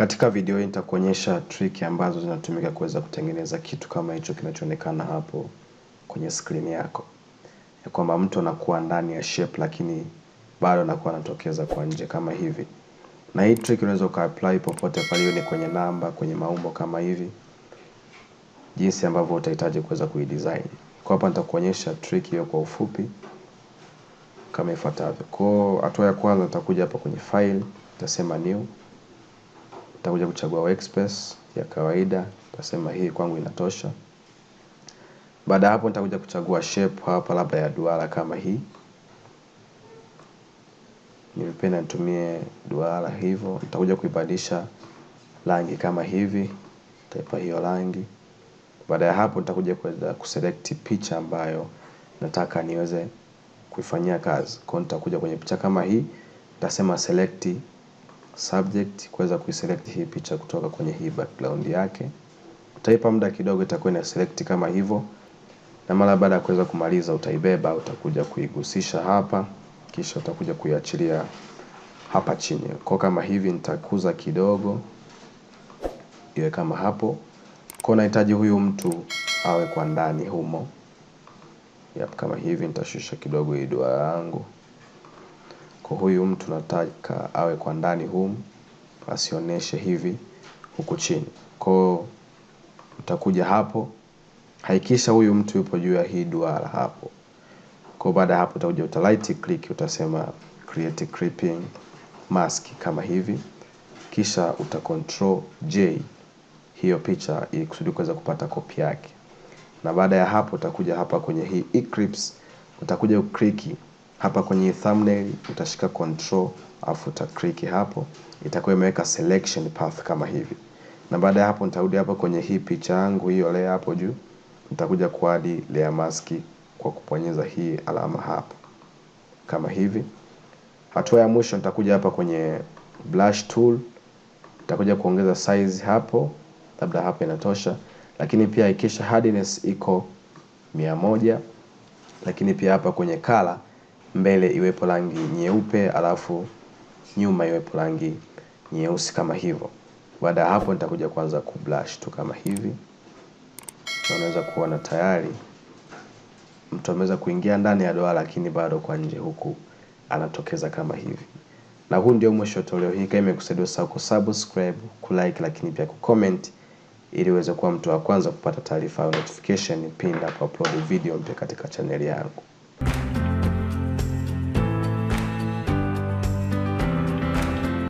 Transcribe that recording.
Katika video hii nitakuonyesha trick ambazo zinatumika kuweza kutengeneza kitu kama hicho kinachoonekana hapo kwenye screen yako, ya kwamba mtu anakuwa ndani ya shape lakini bado anakuwa anatokeza kwa nje kama hivi. Na hii trick unaweza apply popote pale, ni kwenye namba, kwenye maumbo kama hivi, jinsi ambavyo utahitaji kuweza kuidesign. Kwa hapa nitakuonyesha trick hiyo kwa ufupi kama ifuatavyo. Kwa hatua ya kwanza, nitakuja hapa kwenye file, nitasema new nitakuja kuchagua workspace ya kawaida nitasema hii kwangu inatosha baada hapo nitakuja kuchagua shape hapa labda ya duara kama hii nimependa nitumie duara hivyo nitakuja kuibadilisha rangi kama hivi taipa hiyo rangi baada ya hapo nitakuja kuweza kuselect picha ambayo nataka niweze kuifanyia kazi kwa nitakuja kwenye picha kama hii nitasema select subject kuweza kuiselect hii picha kutoka kwenye hii background yake. Utaipa muda kidogo, itakuwa ina select kama hivyo, na mara baada ya kuweza kumaliza utaibeba, utakuja kuigusisha hapa, kisha utakuja kuiachilia hapa chini kwa kama hivi. Nitakuza kidogo iwe kama hapo, kwa nahitaji huyu mtu awe kwa ndani humo. Yep, kama hivi nitashusha kidogo hii duara yangu kwa huyu mtu nataka awe kwa ndani humu asioneshe hivi huku chini kwao utakuja hapo haikisha huyu mtu yupo juu ya hii duara hapo kwa baada ya hapo utakuja uta light click utasema create creeping mask kama hivi kisha uta control J hiyo picha ili kusudi kuweza kupata kopi yake na baada ya hapo utakuja hapa kwenye hii Eclipse utakuja ukliki hapa kwenye thumbnail utashika control alafu afu click hapo, itakuwa imeweka selection path kama hivi. Na baada ya hapo nitarudi hapa kwenye hii picha yangu hiyo layer hapo juu, nitakuja kuadi layer mask kwa kuponyeza hii alama hapa kama hivi. Hatua ya mwisho nitakuja hapa kwenye brush tool, nitakuja kuongeza size hapo, labda hapa inatosha, lakini pia ikisha hardness iko 100 lakini pia hapa kwenye color mbele iwepo rangi nyeupe alafu nyuma iwepo rangi nyeusi kama hivyo baada ya hapo nitakuja kuanza blush tu kama hivi na unaweza kuona tayari mtu ameweza kuingia ndani ya doa lakini bado kwa nje huku anatokeza kama hivi na huu ndio mwisho wa toleo hii kama imekusaidia sasa ku subscribe ku like lakini pia ku comment ili uweze kuwa mtu wa kwanza kupata taarifa au notification pindi upload video mpya katika channel yangu